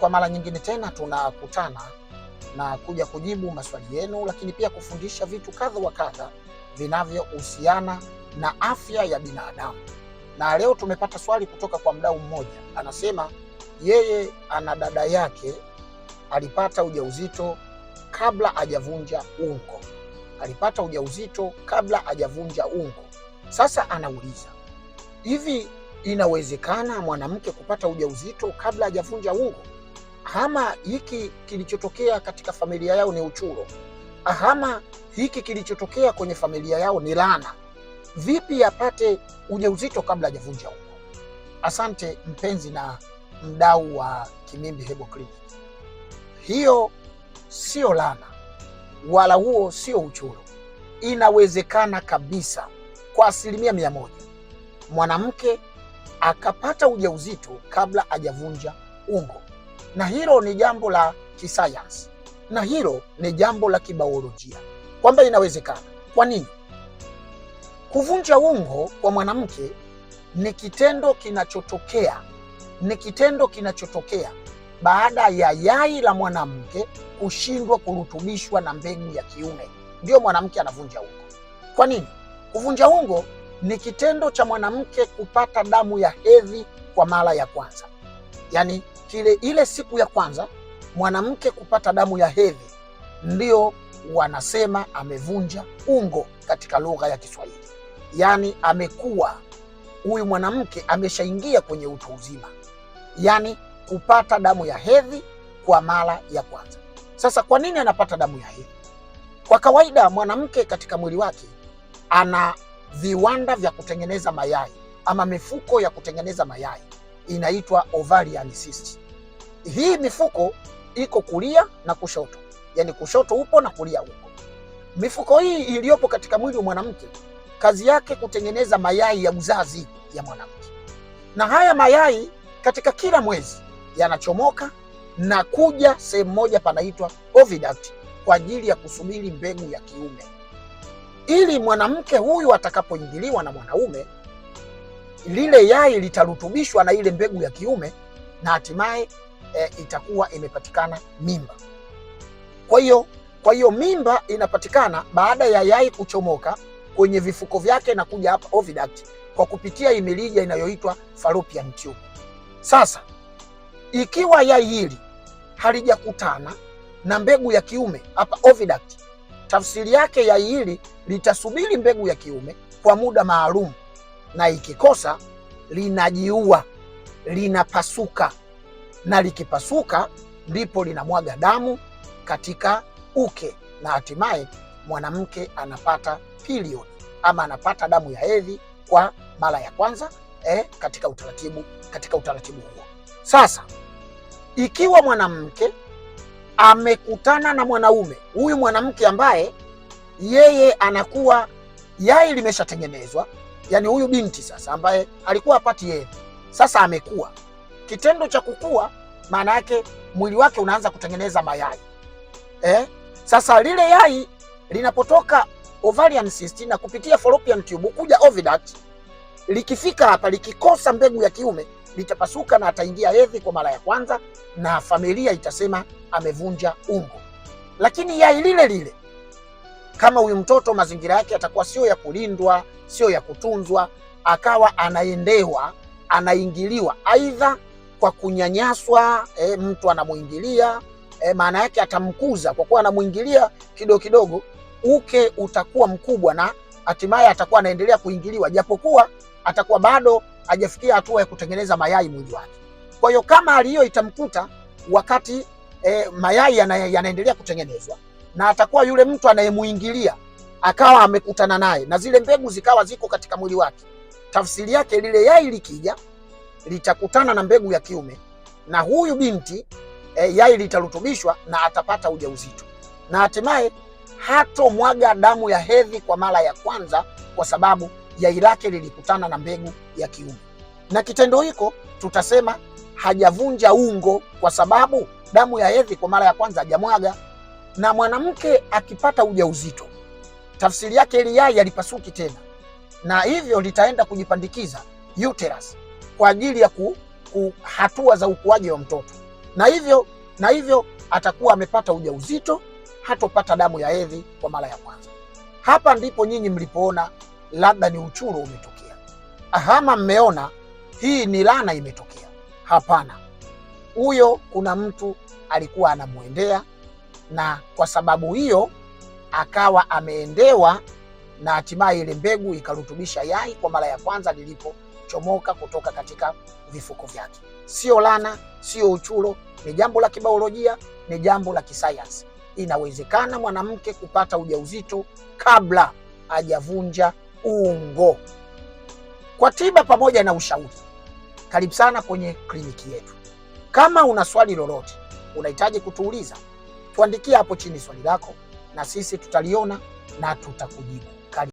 Kwa mara nyingine tena tunakutana na kuja kujibu maswali yenu, lakini pia kufundisha vitu kadha wa kadha vinavyohusiana na afya ya binadamu. Na leo tumepata swali kutoka kwa mdau mmoja, anasema yeye ana dada yake alipata ujauzito kabla hajavunja ungo, alipata ujauzito kabla hajavunja ungo. Sasa anauliza hivi, inawezekana mwanamke kupata ujauzito kabla hajavunja ungo? hama hiki kilichotokea katika familia yao ni uchuro, hama hiki kilichotokea kwenye familia yao ni laana, vipi apate ujauzito kabla hajavunja ungo? Asante mpenzi na mdau wa Kimimbi Herbal Clinic. Hiyo sio laana wala huo sio uchuro. Inawezekana kabisa kwa asilimia mia moja mwanamke akapata ujauzito kabla hajavunja ungo na hilo ni jambo la kisayansi na hilo ni jambo la kibaolojia kwamba inawezekana. Kwa nini? Kuvunja ungo kwa mwanamke ni kitendo kinachotokea, ni kitendo kinachotokea baada ya yai la mwanamke kushindwa kurutubishwa na mbegu ya kiume, ndiyo mwanamke anavunja ungo. Kwa nini? Kuvunja ungo ni kitendo cha mwanamke kupata damu ya hedhi kwa mara ya kwanza yani kile ile siku ya kwanza mwanamke kupata damu ya hedhi ndio wanasema amevunja ungo katika lugha ya Kiswahili, yani amekuwa huyu mwanamke ameshaingia kwenye utu uzima, yani kupata damu ya hedhi kwa mara ya kwanza. Sasa kwa nini anapata damu ya hedhi? Kwa kawaida mwanamke katika mwili wake ana viwanda vya kutengeneza mayai ama mifuko ya kutengeneza mayai inaitwa ovarian cyst. Hii mifuko iko kulia na kushoto, yaani kushoto upo na kulia upo. Mifuko hii iliyopo katika mwili wa mwanamke kazi yake kutengeneza mayai ya uzazi ya mwanamke, na haya mayai katika kila mwezi yanachomoka na kuja sehemu moja panaitwa oviduct kwa ajili ya kusubiri mbegu ya kiume, ili mwanamke huyu atakapoingiliwa na mwanaume lile yai litarutubishwa na ile mbegu ya kiume na hatimaye e, itakuwa imepatikana mimba. Kwa hiyo kwa hiyo mimba inapatikana baada ya yai kuchomoka kwenye vifuko vyake na kuja hapa oviduct kwa kupitia imilija inayoitwa fallopian tube. Sasa ikiwa yai hili halijakutana na mbegu ya kiume hapa oviduct, tafsiri yake yai hili litasubiri mbegu ya kiume kwa muda maalum na ikikosa linajiua, linapasuka, na likipasuka ndipo linamwaga damu katika uke na hatimaye mwanamke anapata period ama anapata damu ya hedhi kwa mara ya kwanza eh, katika utaratibu katika utaratibu huo. Sasa ikiwa mwanamke amekutana na mwanaume huyu mwanamke ambaye yeye anakuwa yai limeshatengenezwa yani huyu binti sasa ambaye alikuwa apati yeye sasa amekuwa. Kitendo cha kukua maana yake mwili wake unaanza kutengeneza mayai eh? Sasa lile yai linapotoka ovarian cyst na kupitia fallopian tube kuja oviduct, likifika hapa likikosa mbegu ya kiume litapasuka na ataingia hedhi kwa mara ya kwanza, na familia itasema amevunja ungo. Lakini yai lile lile kama huyu mtoto mazingira yake atakuwa sio ya kulindwa, sio ya kutunzwa, akawa anaendewa, anaingiliwa aidha kwa kunyanyaswa, e, mtu anamuingilia e, maana yake atamkuza kwa kuwa anamuingilia kidogo kidogo, uke utakuwa mkubwa na hatimaye atakuwa anaendelea kuingiliwa, japokuwa atakuwa bado hajafikia hatua ya kutengeneza mayai mwili wake. Kwa hiyo kama hali hiyo itamkuta wakati e, mayai yana, yanaendelea kutengenezwa na atakuwa yule mtu anayemuingilia akawa amekutana naye na zile mbegu zikawa ziko katika mwili wake. Tafsiri yake lile yai likija litakutana na mbegu ya kiume na huyu binti e, yai litarutubishwa na atapata ujauzito na hatimaye hatomwaga damu ya hedhi kwa mara ya kwanza, kwa sababu yai lake lilikutana na mbegu ya kiume. Na kitendo hiko tutasema hajavunja ungo, kwa sababu damu ya hedhi kwa mara ya kwanza hajamwaga na mwanamke akipata ujauzito, tafsiri yake ili yai alipasuki tena, na hivyo litaenda kujipandikiza uterus kwa ajili ya ku, ku hatua za ukuaji wa mtoto, na hivyo na hivyo atakuwa amepata ujauzito, hatopata damu ya hedhi kwa mara ya kwanza. Hapa ndipo nyinyi mlipoona labda ni uchuro umetokea, ahama mmeona hii ni laana imetokea. Hapana, huyo kuna mtu alikuwa anamwendea na kwa sababu hiyo akawa ameendewa na hatimaye ile mbegu ikarutubisha yai kwa mara ya kwanza lilipochomoka kutoka katika vifuko vyake. Sio lana, sio uchulo, ni jambo la kibiolojia, ni jambo la kisayansi. Inawezekana mwanamke kupata ujauzito kabla hajavunja ungo, kwa tiba pamoja na ushauri. Karibu sana kwenye kliniki yetu. Kama una swali lolote unahitaji kutuuliza Tuandikia hapo chini swali lako na sisi tutaliona na tutakujibu.